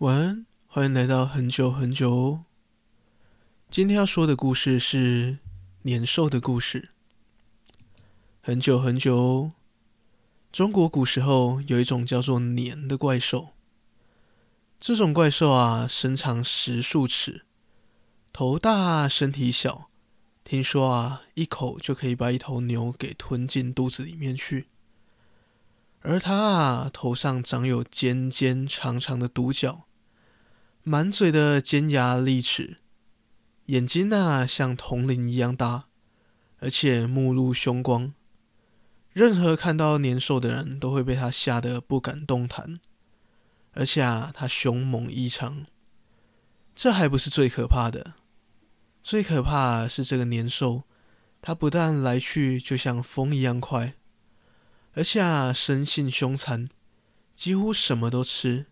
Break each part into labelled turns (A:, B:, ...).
A: 晚安，歡迎來到很久很久哦。今天要說的故事是年獸的故事。很久很久，中國古時候有一種叫做年的怪獸。這種怪獸啊，身長十數尺，頭大身體小。聽說啊，一口就可以把一頭牛給吞進肚子裡面去。而它啊，頭上長有尖尖長長的獨角。滿嘴的尖牙利齒，眼睛啊像銅鈴一樣大，而且目露凶光。任何看到年獸的人都會被他嚇得不敢動彈，而且啊，他凶猛異常。這還不是最可怕的，最可怕是這個年獸，它不但來去就像風一樣快，而且啊，生性凶殘，幾乎什麼都吃。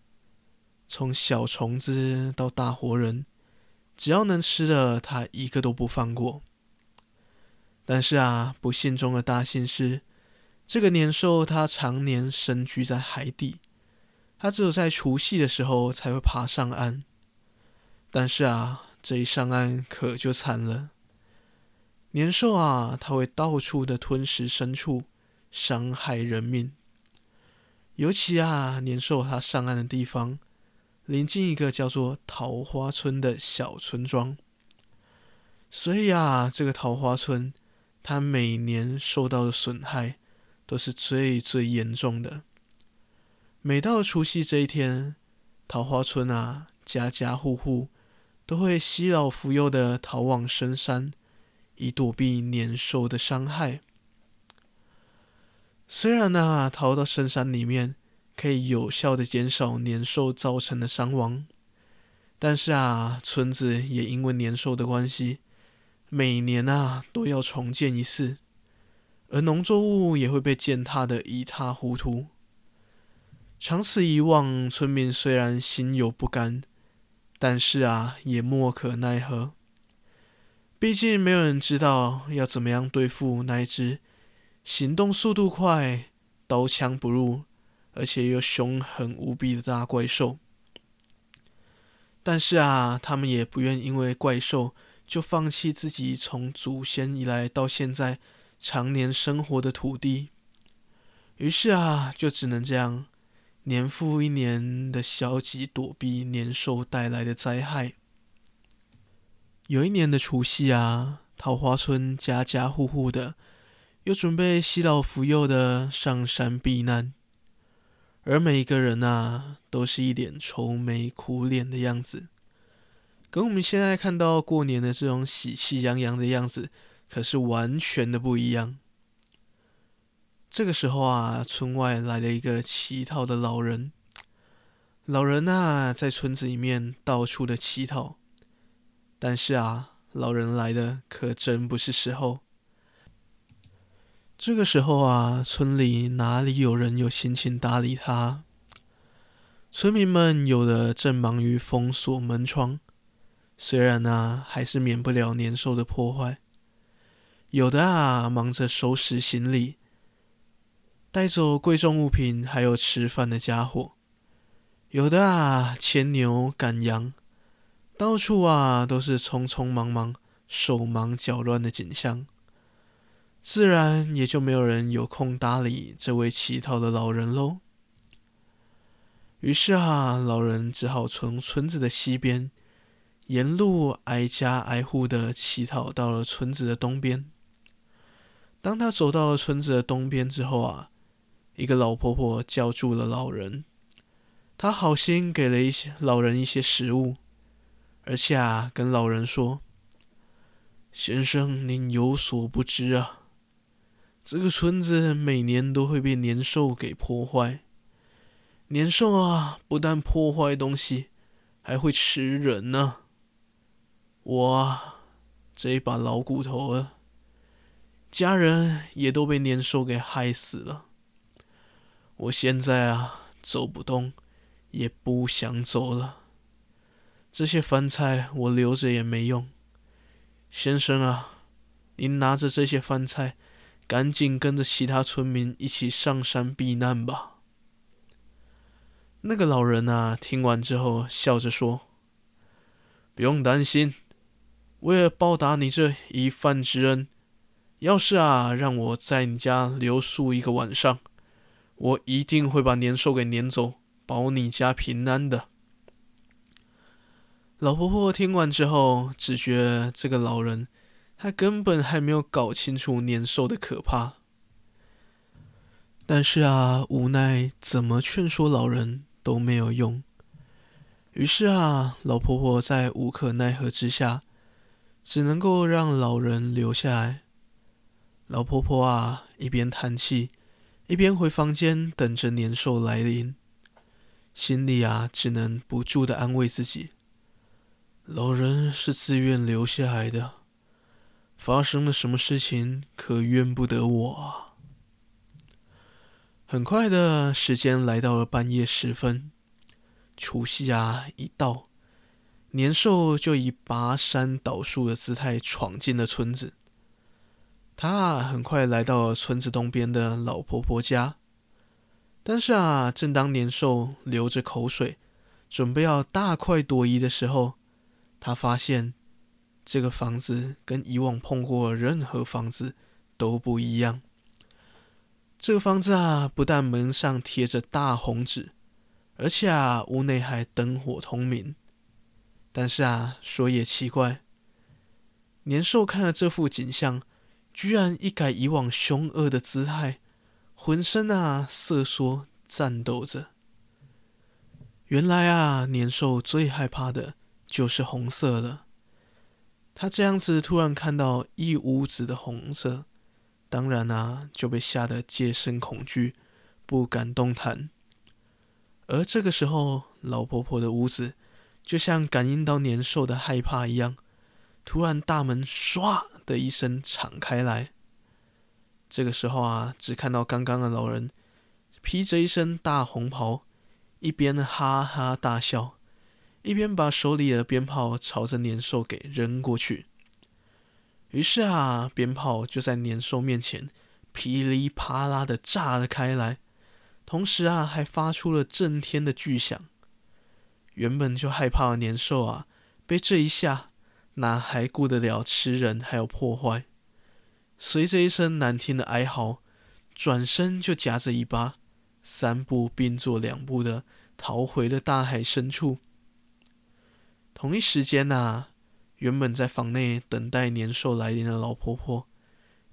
A: 從小蟲子到大活人，只要能吃的，他一個都不放過。但是啊，不幸中的大幸是，這個年獸它常年深居在海底，它只有在除夕的時候才會爬上岸。但是啊，這一上岸可就慘了，年獸啊，它會到處的吞食牲畜，傷害人命。尤其啊，年獸它上岸的地方。臨近一個叫做桃花村的小村莊，所以啊，這個桃花村，它每年受到的損害都是最最嚴重的。每到除夕這一天，桃花村啊，家家戶戶都會攜老扶幼的逃往深山，以躲避年獸的傷害。雖然呢、啊，逃到深山裡面。可以有效的減少年獸造成的傷亡，但是啊，村子也因為年獸的關係，每年啊都要重建一次，而農作物也會被踐踏得一塌糊塗。長此以往，村民雖然心有不甘，但是啊，也莫可奈何。畢竟沒有人知道要怎麼樣對付那一隻行動速度快、刀槍不入。而且又凶狠無比的大怪獸，但是啊，他們也不願因為怪獸就放棄自己從祖先以來到現在常年生活的土地。於是啊，就只能這樣年復一年的消極躲避年獸帶來的災害。有一年的除夕啊，桃花村家家戶戶的又準備攜老扶幼的上山避難。而每一個人吶、啊，都是一臉愁眉苦臉的樣子，跟我們現在看到過年的這種喜氣洋洋的樣子，可是完全的不一樣。這個時候啊，村外來了一個乞討的老人。老人吶、啊，在村子裡面到處的乞討，但是啊，老人來的可真不是時候。這個時候啊，村裡哪裡有人有心情搭理他？村民們有的正忙於封鎖門窗，雖然呢、啊、還是免不了年獸的破壞；有的啊忙着收拾行李，帶走貴重物品，還有吃飯的家伙；有的啊牽牛趕羊，到處啊都是匆匆忙忙、手忙腳亂的景象。自然也就沒有人有空搭理這位乞討的老人嘍。於是啊，老人只好從村子的西邊沿路挨家挨戶的乞討到了村子的東邊。當他走到了村子的東邊之後啊，一個老婆婆叫住了老人，她好心給了一些老人一些食物，而且啊，跟老人說：“先生，您有所不知啊。”這個村子每年都會被年獸給破壞。年獸啊，不但破壞東西，還會吃人呢，啊。我啊，這一把老骨頭了啊，家人也都被年獸給害死了。我現在啊，走不動，也不想走了。這些飯菜我留着也沒用。先生啊，您拿着這些飯菜。趕緊跟着其他村民一起上山避難吧。那個老人啊，聽完之後笑着說：“不用擔心，為了報答你這一飯之恩，要是啊，讓我在你家留宿一個晚上，我一定會把年獸給攆走，保你家平安的。”老婆婆聽完之後，只覺這個老人。他根本還沒有搞清楚年獸的可怕，但是啊，無奈怎麼勸說老人都沒有用，於是啊，老婆婆在無可奈何之下，只能夠讓老人留下來。老婆婆啊，一邊嘆氣，一邊回房間等着年獸來臨，心裡啊，只能不住的安慰自己。老人是自願留下來的。發生了什麼事情，可怨不得我啊。很快的時間來到了半夜時分，除夕啊一到，年獸就以拔山倒樹的姿態闖進了村子。他啊，很快來到了村子東邊的老婆婆家，但是啊，正當年獸流着口水，準備要大快朵頤的時候，他發現。這個房子跟以往碰過任何房子都不一樣。這個房子啊，不但門上貼着大紅紙，而且啊，屋內還燈火通明。但是啊，說也奇怪，年獸看了這幅景象，居然一改以往兇惡的姿態，渾身啊瑟縮顫抖着。原來啊，年獸最害怕的就是紅色了。他這樣子突然看到一屋子的紅色，當然啊就被嚇得皆身恐懼，不敢動彈。而這個時候，老婆婆的屋子就像感應到年獸的害怕一樣，突然大門唰的一聲敞開來。這個時候啊，只看到剛剛的老人披着一身大紅袍，一邊哈哈大笑，一邊把手裡的鞭炮朝着年獸給扔過去，於是啊，鞭炮就在年獸面前噼里啪啦的炸了開來，同時啊，還發出了震天的巨響。原本就害怕的年獸啊，被這一下哪還顧得了吃人還有破壞？隨着一聲難聽的哀嚎，轉身就夾着尾巴，三步併作兩步的逃回了大海深處。同一時間吶、啊，原本在房內等待年獸來臨的老婆婆，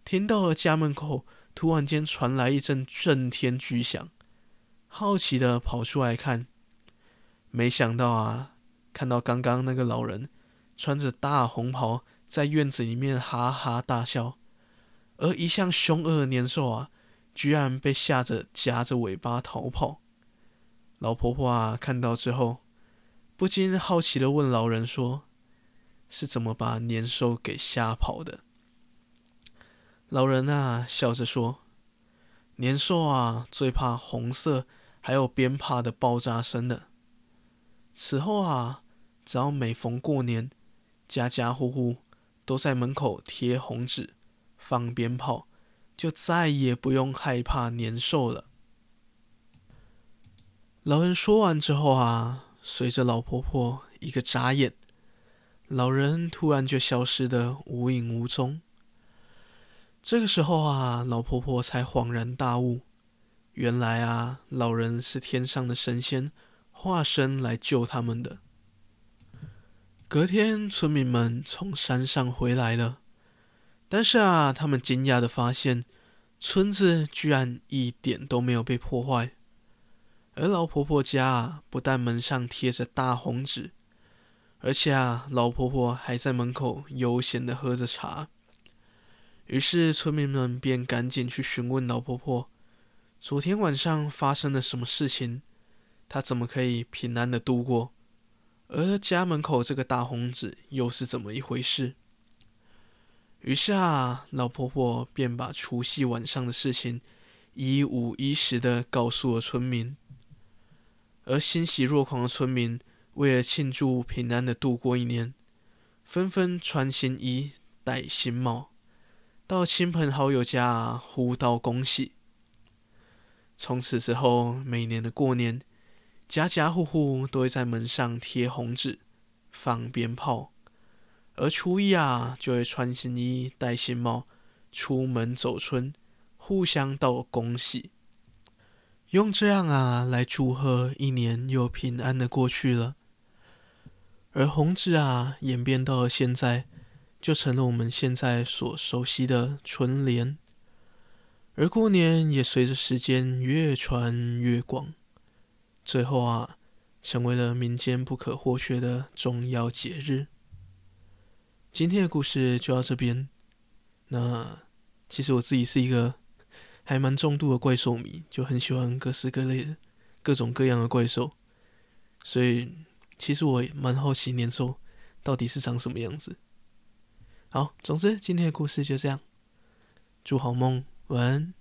A: 聽到了家門口突然間傳來一陣震天巨響，好奇的跑出來看，沒想到啊，看到剛剛那個老人穿着大紅袍在院子裡面哈哈大笑，而一向凶惡的年獸啊，居然被嚇着夾着尾巴逃跑，老婆婆啊看到之後。不禁好奇的問老人：“說，是怎麼把年獸給嚇跑的？”老人啊，笑着說：“年獸啊，最怕紅色，還有鞭炮的爆炸聲了。」此後啊，只要每逢過年，家家戶戶，戶都在門口貼紅紙、放鞭炮，就再也不用害怕年獸了。”老人說完之後啊。隨着老婆婆一個眨眼，老人突然就消失得無影無蹤。這個時候啊，老婆婆才恍然大悟，原來啊，老人是天上的神仙化身來救他們的。隔天，村民們從山上回來了，但是啊，他們驚訝地發現，村子居然一點都沒有被破壞。而老婆婆家不但門上貼着大紅紙，而且啊，老婆婆還在門口悠閒的喝着茶。於是村民們便趕緊去詢問老婆婆，昨天晚上發生了什麼事情，她怎麼可以平安的度過？而家門口這個大紅紙又是怎麼一回事？於是啊，老婆婆便把除夕晚上的事情一五一十的告訴了村民。而欣喜若狂的村民，為了慶祝平安地度過一年，紛紛穿新衣、戴新帽，到親朋好友家、啊、互道恭喜。從此之後，每年的過年，家家戶戶、戶都會在門上貼紅紙、放鞭炮，而初一啊，就會穿新衣、戴新帽，出門走村，互相道恭喜。用這樣啊來祝賀一年又平安的過去了，而紅紙啊演變到了現在，就成了我們現在所熟悉的春聯，而過年也隨着時間越傳越廣，最後啊成為了民間不可或缺的重要節日。今天的故事就到這邊，那其實我自己是一個。還蠻重度的怪獸迷，就很喜歡各式各類的、各種各樣的怪獸，所以其實我也蠻好奇年獸到底是長什麼樣子。好，總之今天的故事就這樣，祝好夢，晚安。